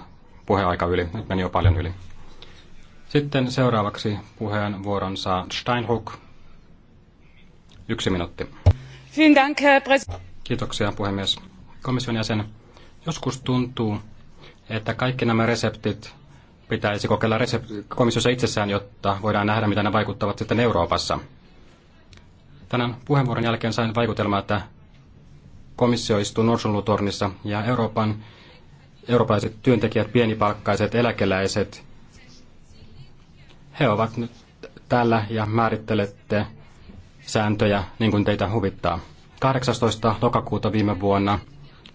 puheaika yli. Nyt meni jo paljon yli. Sitten seuraavaksi puheenvuoron saa Steinhook Yksi minuutti. Kiitoksia puhemies. Komission jäsen, joskus tuntuu, että kaikki nämä reseptit pitäisi kokeilla resept- komissiossa itsessään, jotta voidaan nähdä, mitä ne vaikuttavat sitten Euroopassa. Tänään puheenvuoron jälkeen sain vaikutelmaa, että komissio istuu norsunluutornissa ja Euroopan eurooppalaiset työntekijät, pienipalkkaiset, eläkeläiset, he ovat nyt täällä ja määrittelette sääntöjä niin kuin teitä huvittaa. 18. lokakuuta viime vuonna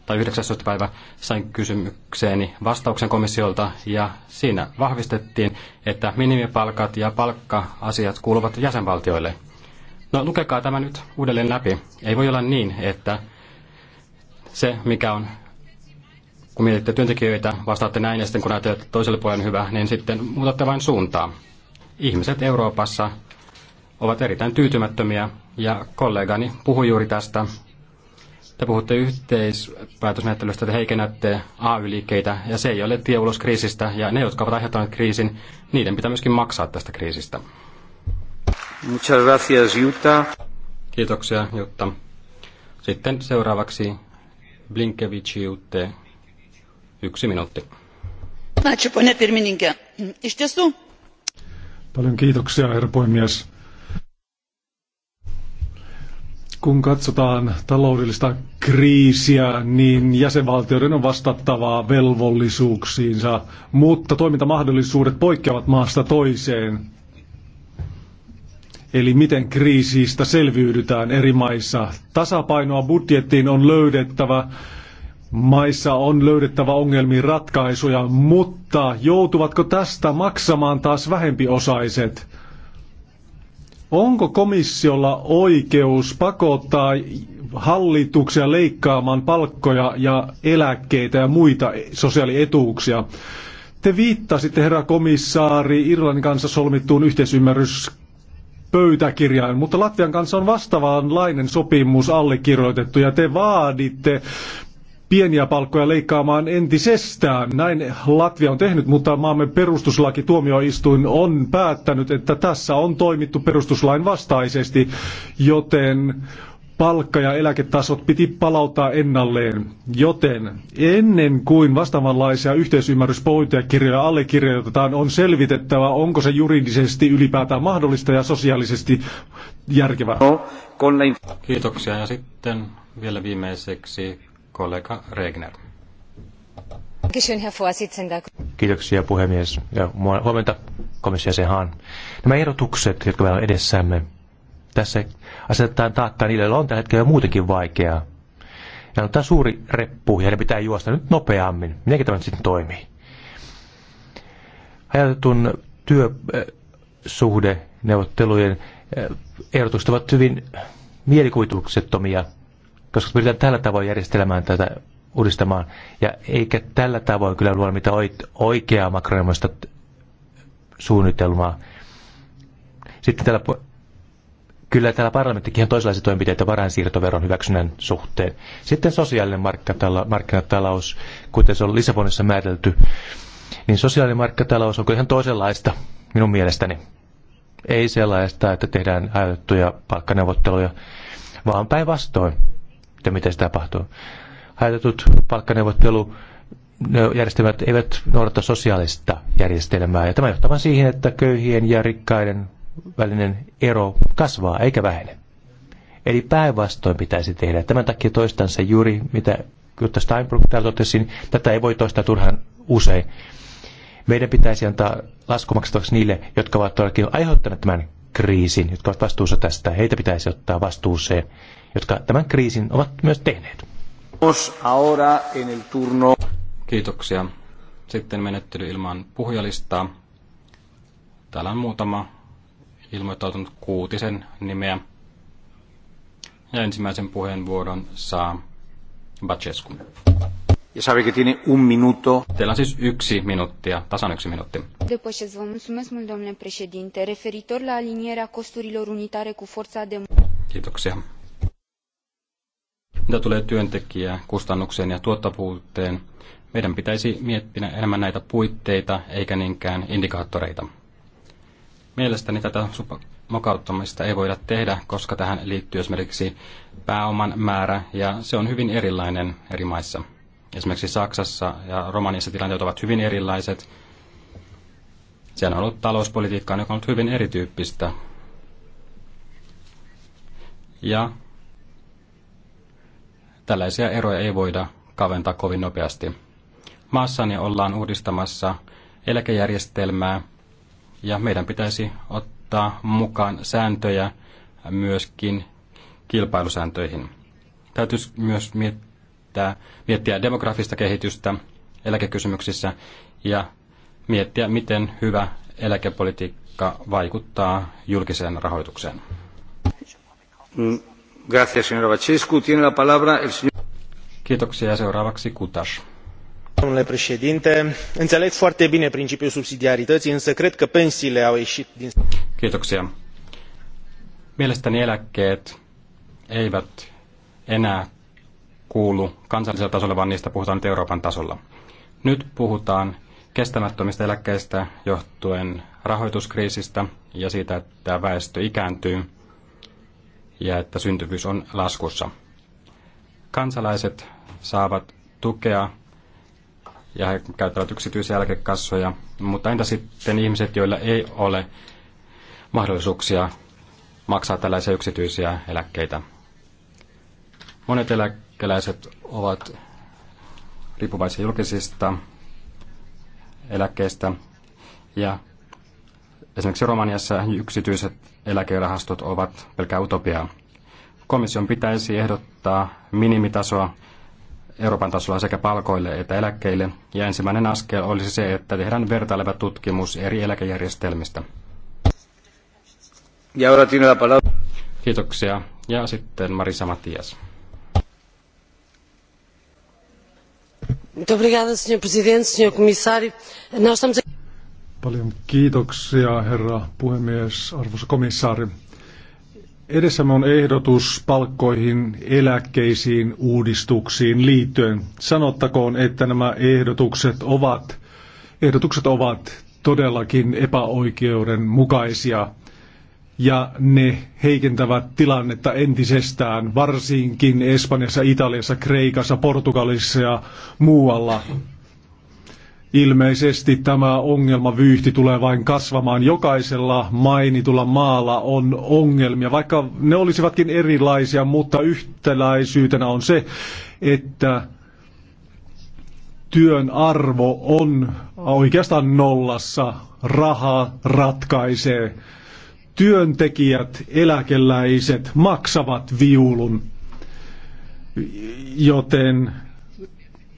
tai 19. päivä sain kysymykseeni vastauksen komissiolta ja siinä vahvistettiin, että minimipalkat ja palkka-asiat kuuluvat jäsenvaltioille. No lukekaa tämä nyt uudelleen läpi. Ei voi olla niin, että se mikä on kun mietitte työntekijöitä, vastaatte näin ja sitten kun ajattelette toiselle puolelle hyvä, niin sitten muutatte vain suuntaa. Ihmiset Euroopassa ovat erittäin tyytymättömiä ja kollegani puhui juuri tästä. Te puhutte yhteispäätösmenettelystä, te heikennätte AY-liikkeitä ja se ei ole tie ulos kriisistä ja ne, jotka ovat aiheuttaneet kriisin, niiden pitää myöskin maksaa tästä kriisistä. Muchas gracias, Jutta. Kiitoksia, Jutta. Sitten seuraavaksi Blinkevich Jutte, yksi minuutti. Paljon kiitoksia, herra puhemies. Kun katsotaan taloudellista kriisiä, niin jäsenvaltioiden on vastattavaa velvollisuuksiinsa, mutta toimintamahdollisuudet poikkeavat maasta toiseen. Eli miten kriisistä selviydytään eri maissa. Tasapainoa budjettiin on löydettävä, maissa on löydettävä ongelmiin ratkaisuja, mutta joutuvatko tästä maksamaan taas vähempiosaiset? Onko komissiolla oikeus pakottaa hallituksia leikkaamaan palkkoja ja eläkkeitä ja muita sosiaalietuuksia? Te viittasitte, herra komissaari, Irlannin kanssa solmittuun yhteisymmärryspöytäkirjaan, mutta Latvian kanssa on vastaavanlainen sopimus allekirjoitettu ja te vaaditte pieniä palkkoja leikkaamaan entisestään. Näin Latvia on tehnyt, mutta maamme perustuslaki tuomioistuin on päättänyt, että tässä on toimittu perustuslain vastaisesti, joten palkka- ja eläketasot piti palauttaa ennalleen. Joten ennen kuin vastaavanlaisia yhteisymmärryspöytäkirjoja allekirjoitetaan, on selvitettävä, onko se juridisesti ylipäätään mahdollista ja sosiaalisesti järkevää. No, Kiitoksia. Ja sitten vielä viimeiseksi kollega Regner. Kiitoksia puhemies ja huomenta komissiosen Hahn. Nämä ehdotukset, jotka meillä on edessämme, tässä asetetaan taakkaa niille, joilla on tällä hetkellä muutenkin vaikeaa. Ja on tämä suuri reppu ja ne pitää juosta nyt nopeammin. Mitenkin tämä sitten toimii? Hajautetun työsuhdeneuvottelujen äh, äh, ehdotukset ovat hyvin mielikuvituksettomia koska pyritään tällä tavoin järjestelemään tätä uudistamaan. Ja eikä tällä tavoin kyllä luoda mitään oikeaa makroekonomista suunnitelmaa. Sitten täällä, kyllä täällä parlamenttikin on toisenlaisia toimenpiteitä varainsiirtoveron hyväksynnän suhteen. Sitten sosiaalinen markkinatalous, kuten se on Lisabonissa määritelty, niin sosiaalinen markkinatalous on kyllä ihan toisenlaista minun mielestäni. Ei sellaista, että tehdään ajoitettuja palkkaneuvotteluja, vaan päinvastoin että mitä se tapahtuu. Haitatut palkkaneuvottelu järjestelmät eivät noudata sosiaalista järjestelmää, ja tämä johtaa siihen, että köyhien ja rikkaiden välinen ero kasvaa eikä vähene. Eli päinvastoin pitäisi tehdä. Tämän takia toistan se juuri, mitä Jutta Steinbrück täällä totesi, tätä ei voi toistaa turhan usein. Meidän pitäisi antaa lasku niille, jotka ovat todellakin aiheuttaneet tämän kriisin, jotka ovat vastuussa tästä. Heitä pitäisi ottaa vastuuseen jotka tämän kriisin ovat myös tehneet. Kiitoksia. Sitten menettely ilman puhujalistaa. Täällä on muutama ilmoittautunut kuutisen nimeä. Ja ensimmäisen puheenvuoron saa Bacescu. Ja sabe que tiene un minuto. Teillä on siis yksi minuuttia, tasan yksi minuutti. Depășesc, vă mulțumesc mult, domnule președinte. Referitor la alinierea costurilor unitare cu forța de... Kiitoksia, mitä tulee työntekijää, kustannukseen ja tuottavuuteen, meidän pitäisi miettiä enemmän näitä puitteita eikä niinkään indikaattoreita. Mielestäni tätä mokauttamista ei voida tehdä, koska tähän liittyy esimerkiksi pääoman määrä ja se on hyvin erilainen eri maissa. Esimerkiksi Saksassa ja Romaniassa tilanteet ovat hyvin erilaiset. Siellä on ollut talouspolitiikkaa, joka on ollut hyvin erityyppistä. Ja tällaisia eroja ei voida kaventaa kovin nopeasti. Maassani ollaan uudistamassa eläkejärjestelmää ja meidän pitäisi ottaa mukaan sääntöjä myöskin kilpailusääntöihin. Täytyisi myös miettää miettiä demografista kehitystä eläkekysymyksissä ja miettiä, miten hyvä eläkepolitiikka vaikuttaa julkiseen rahoitukseen. Mm. Gracias, señora Bacescu. Tiene la palabra el señor... Kiitoksia. Seuraavaksi Kutas. Domnule președinte, înțeleg foarte bine principiul subsidiarității, însă cred că pensiile au ieșit din... Kiitoksia. Mielestäni eläkkeet eivät enää kuulu kansallisella tasolla, vaan niistä puhutaan nyt Euroopan tasolla. Nyt puhutaan kestämättömistä eläkkeistä johtuen rahoituskriisistä ja siitä, että väestö ikääntyy ja että syntyvyys on laskussa. Kansalaiset saavat tukea ja he käyttävät yksityisiä eläkekassoja, mutta entä sitten ihmiset, joilla ei ole mahdollisuuksia maksaa tällaisia yksityisiä eläkkeitä? Monet eläkeläiset ovat riippuvaisia julkisista eläkkeistä ja esimerkiksi Romaniassa yksityiset eläkerahastot ovat pelkää utopiaa. Komission pitäisi ehdottaa minimitasoa Euroopan tasolla sekä palkoille että eläkkeille, ja ensimmäinen askel olisi se, että tehdään vertaileva tutkimus eri eläkejärjestelmistä. Ja Kiitoksia. Ja sitten Marisa Matias. Muito obrigada, Sr. Presidente, Sr. Comissário. Nós estamos Paljon kiitoksia, herra puhemies, arvoisa komissaari. Edessämme on ehdotus palkkoihin, eläkkeisiin, uudistuksiin liittyen. Sanottakoon, että nämä ehdotukset ovat, ehdotukset ovat todellakin epäoikeudenmukaisia ja ne heikentävät tilannetta entisestään, varsinkin Espanjassa, Italiassa, Kreikassa, Portugalissa ja muualla. Ilmeisesti tämä ongelmavyyhti tulee vain kasvamaan. Jokaisella mainitulla maalla on ongelmia, vaikka ne olisivatkin erilaisia, mutta yhtäläisyytenä on se, että työn arvo on oikeastaan nollassa. Raha ratkaisee. Työntekijät, eläkeläiset maksavat viulun, joten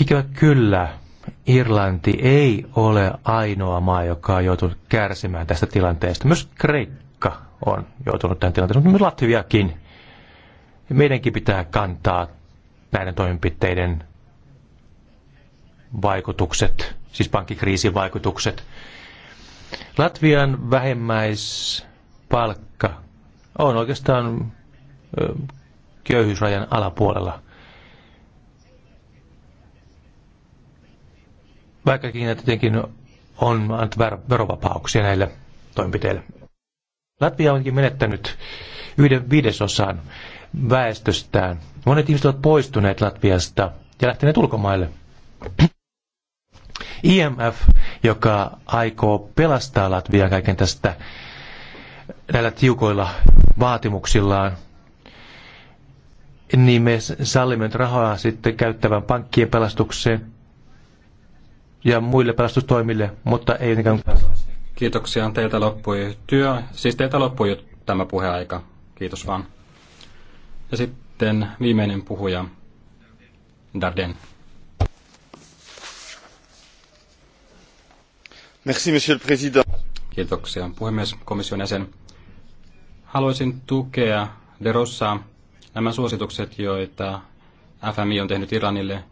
Ikävä kyllä, Irlanti ei ole ainoa maa, joka on joutunut kärsimään tästä tilanteesta. Myös Kreikka on joutunut tähän tilanteeseen, mutta myös Latviakin. Meidänkin pitää kantaa näiden toimenpiteiden vaikutukset, siis pankkikriisin vaikutukset. Latvian vähemmäispalkka on oikeastaan köyhyysrajan alapuolella. Kiina tietenkin on antanut verovapauksia näille toimenpiteille. Latvia onkin menettänyt yhden viidesosan väestöstään. Monet ihmiset ovat poistuneet Latviasta ja lähteneet ulkomaille. IMF, joka aikoo pelastaa Latvia kaiken tästä näillä tiukoilla vaatimuksillaan, niin me sallimme rahaa sitten käyttävän pankkien pelastukseen ja muille pelastustoimille, mutta ei niinkään Kiitoksia. Teiltä loppui työ. Siis teiltä loppui tämä puheaika. Kiitos vaan. Ja sitten viimeinen puhuja, Darden. Merci, monsieur le président. Kiitoksia. Puhemies, komission jäsen. Haluaisin tukea derossa Nämä suositukset, joita FMI on tehnyt Iranille,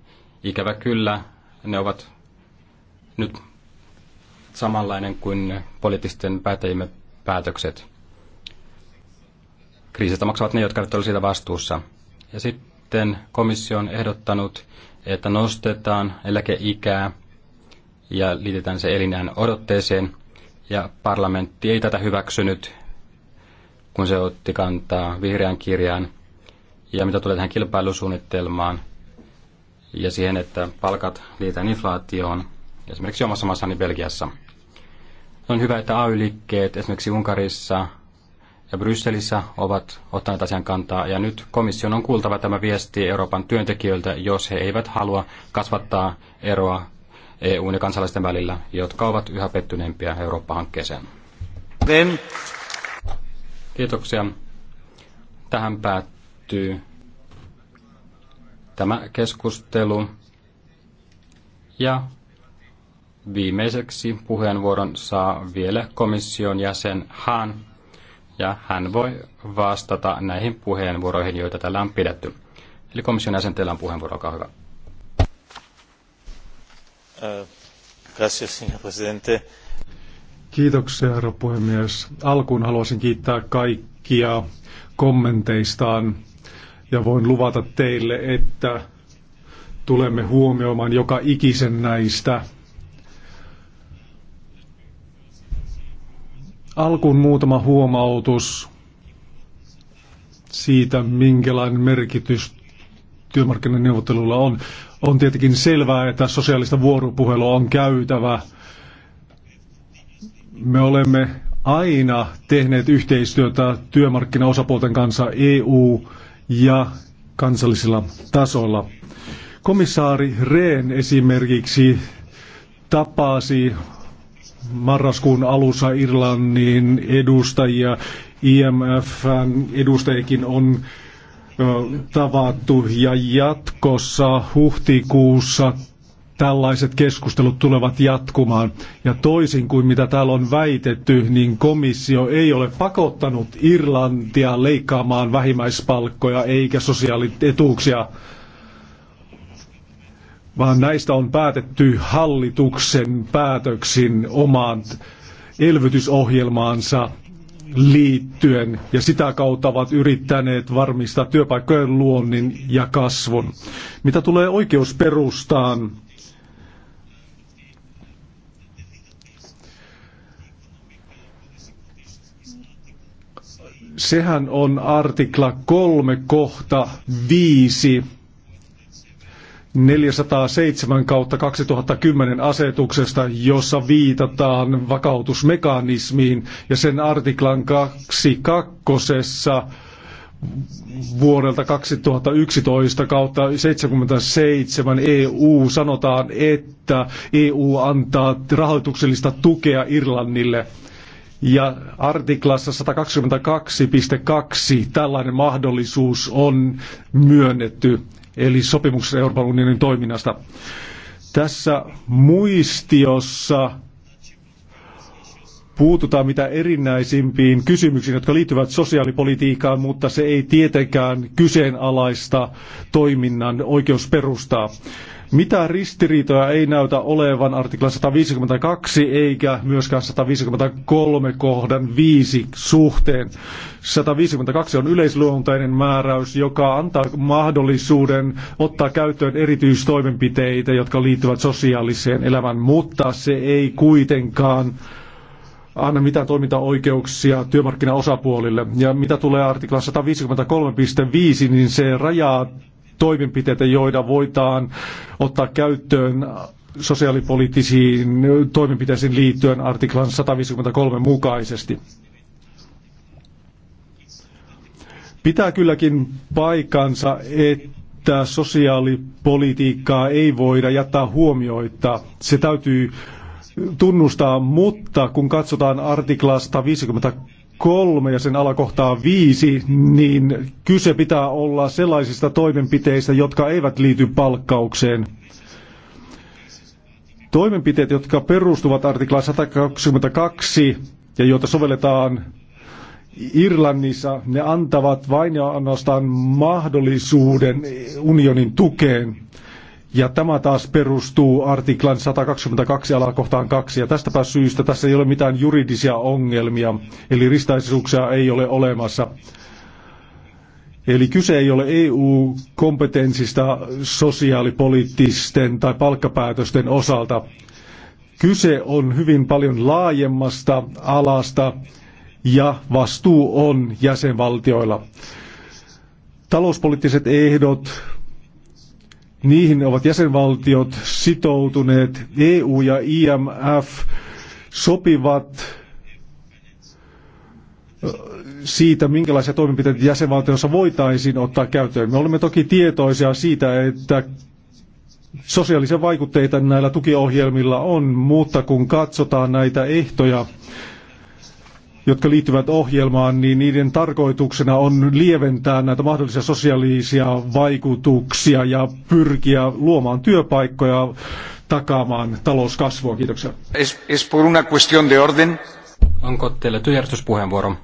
ikävä kyllä, ne ovat nyt samanlainen kuin poliittisten päättäjimme päätökset. Kriisistä maksavat ne, jotka eivät ole siitä vastuussa. Ja sitten komissio on ehdottanut, että nostetaan eläkeikää ja liitetään se elinään odotteeseen. Ja parlamentti ei tätä hyväksynyt, kun se otti kantaa vihreän kirjaan. Ja mitä tulee tähän kilpailusuunnitelmaan ja siihen, että palkat liitetään inflaatioon, esimerkiksi omassa maassani Belgiassa. On hyvä, että AY-liikkeet esimerkiksi Unkarissa ja Brysselissä ovat ottaneet asian kantaa, ja nyt komission on kuultava tämä viesti Euroopan työntekijöiltä, jos he eivät halua kasvattaa eroa EUn ja kansalaisten välillä, jotka ovat yhä pettyneempiä Eurooppa-hankkeeseen. Ben. Kiitoksia. Tähän päättyy tämä keskustelu. Ja Viimeiseksi puheenvuoron saa vielä komission jäsen Hahn, ja hän voi vastata näihin puheenvuoroihin, joita täällä on pidetty. Eli komission jäsen, teillä on puheenvuoro, olkaa hyvä. Uh, Kiitoksia, herra puhemies. Alkuun haluaisin kiittää kaikkia kommenteistaan ja voin luvata teille, että tulemme huomioimaan joka ikisen näistä Alkuun muutama huomautus siitä, minkälainen merkitys työmarkkinaneuvottelulla on. On tietenkin selvää, että sosiaalista vuoropuhelua on käytävä. Me olemme aina tehneet yhteistyötä työmarkkinaosapuolten kanssa EU ja kansallisilla tasoilla. Komissaari Rehn esimerkiksi tapasi marraskuun alussa Irlannin edustajia, IMFn edustajakin on tavattu ja jatkossa huhtikuussa tällaiset keskustelut tulevat jatkumaan. Ja toisin kuin mitä täällä on väitetty, niin komissio ei ole pakottanut Irlantia leikkaamaan vähimmäispalkkoja eikä sosiaalietuuksia vaan näistä on päätetty hallituksen päätöksin omaan elvytysohjelmaansa liittyen ja sitä kautta ovat yrittäneet varmistaa työpaikkojen luonnin ja kasvun. Mitä tulee oikeusperustaan, sehän on artikla 3 kohta 5 407 kautta 2010 asetuksesta, jossa viitataan vakautusmekanismiin ja sen artiklan 22 vuodelta 2011 kautta 77 EU sanotaan, että EU antaa rahoituksellista tukea Irlannille. Ja artiklassa 122.2 tällainen mahdollisuus on myönnetty eli sopimuksesta Euroopan unionin toiminnasta. Tässä muistiossa puututaan mitä erinäisimpiin kysymyksiin, jotka liittyvät sosiaalipolitiikkaan, mutta se ei tietenkään kyseenalaista toiminnan oikeusperustaa. Mitä ristiriitoja ei näytä olevan artikla 152 eikä myöskään 153 kohdan 5 suhteen. 152 on yleisluonteinen määräys, joka antaa mahdollisuuden ottaa käyttöön erityistoimenpiteitä, jotka liittyvät sosiaaliseen elämään, mutta se ei kuitenkaan anna mitään toimintaoikeuksia työmarkkinaosapuolille. Ja mitä tulee artikla 153.5, niin se rajaa toimenpiteitä, joita voidaan ottaa käyttöön sosiaalipoliittisiin toimenpiteisiin liittyen artiklan 153 mukaisesti. Pitää kylläkin paikansa, että sosiaalipolitiikkaa ei voida jättää huomioita. Se täytyy tunnustaa, mutta kun katsotaan artiklasta 53, kolme ja sen alakohtaa viisi, niin kyse pitää olla sellaisista toimenpiteistä, jotka eivät liity palkkaukseen. Toimenpiteet, jotka perustuvat artiklaan 122 ja joita sovelletaan Irlannissa, ne antavat vain ja ainoastaan mahdollisuuden unionin tukeen. Ja tämä taas perustuu artiklan 122 alakohtaan 2, ja tästäpä syystä tässä ei ole mitään juridisia ongelmia, eli ristaisuuksia ei ole olemassa. Eli kyse ei ole EU-kompetenssista sosiaalipoliittisten tai palkkapäätösten osalta. Kyse on hyvin paljon laajemmasta alasta ja vastuu on jäsenvaltioilla. Talouspoliittiset ehdot, Niihin ovat jäsenvaltiot sitoutuneet. EU ja IMF sopivat siitä, minkälaisia toimenpiteitä jäsenvaltioissa voitaisiin ottaa käyttöön. Me olemme toki tietoisia siitä, että sosiaalisia vaikutteita näillä tukiohjelmilla on, mutta kun katsotaan näitä ehtoja, jotka liittyvät ohjelmaan, niin niiden tarkoituksena on lieventää näitä mahdollisia sosiaalisia vaikutuksia ja pyrkiä luomaan työpaikkoja takaamaan talouskasvua. Kiitoksia. Es, es por una cuestión de orden. Onko teillä työjärjestyspuheenvuoro?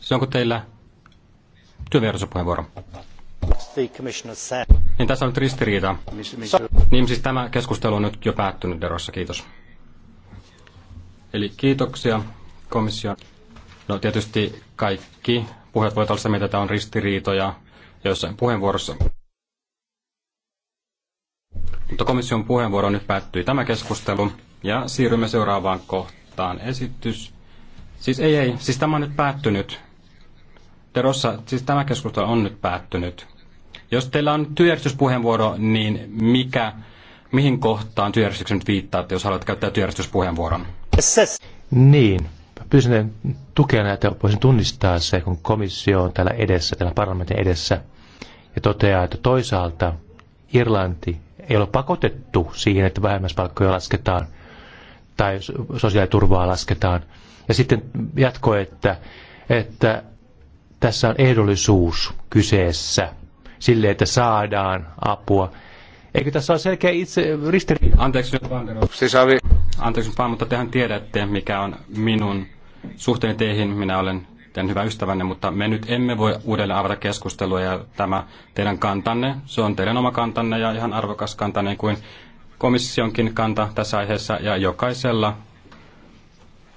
Se onko teillä työjärjestyspuheenvuoro? Niin tässä on nyt ristiriita. Niin siis tämä keskustelu on nyt jo päättynyt Derossa, kiitos. Eli kiitoksia komission... No tietysti kaikki puheet voivat olla se mitä on ristiriitoja joissain puheenvuorossa. Mutta komission puheenvuoro nyt päättyi tämä keskustelu ja siirrymme seuraavaan kohtaan. Esitys. Siis ei, ei, siis tämä on nyt päättynyt. Terossa, siis tämä keskustelu on nyt päättynyt. Jos teillä on työjärjestyspuheenvuoro, niin mikä, mihin kohtaan työjärjestyksen nyt viittaatte, jos haluat käyttää työjärjestyspuheenvuoron? Niin, pyysin tukea näitä, voisin tunnistaa se, kun komissio on täällä edessä, täällä parlamentin edessä, ja toteaa, että toisaalta Irlanti ei ole pakotettu siihen, että vähemmäispalkkoja lasketaan tai sosiaaliturvaa lasketaan. Ja sitten jatko, että, että tässä on ehdollisuus kyseessä sille, että saadaan apua. Eikö tässä ole selkeä itse ristiriita? Anteeksi siis Anteeksi mutta tehän tiedätte, mikä on minun suhteen teihin. Minä olen teidän hyvä ystävänne, mutta me nyt emme voi uudelleen avata keskustelua ja tämä teidän kantanne, se on teidän oma kantanne ja ihan arvokas kantanne niin kuin komissionkin kanta tässä aiheessa ja jokaisella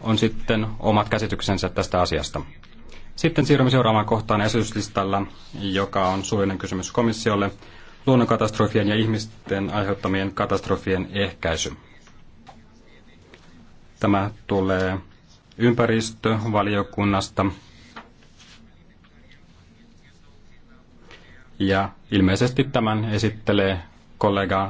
on sitten omat käsityksensä tästä asiasta. Sitten siirrymme seuraavaan kohtaan esityslistalla, joka on suullinen kysymys komissiolle. Luonnonkatastrofien ja ihmisten aiheuttamien katastrofien ehkäisy. Tämä tulee ympäristövaliokunnasta. Ja ilmeisesti tämän esittelee kollega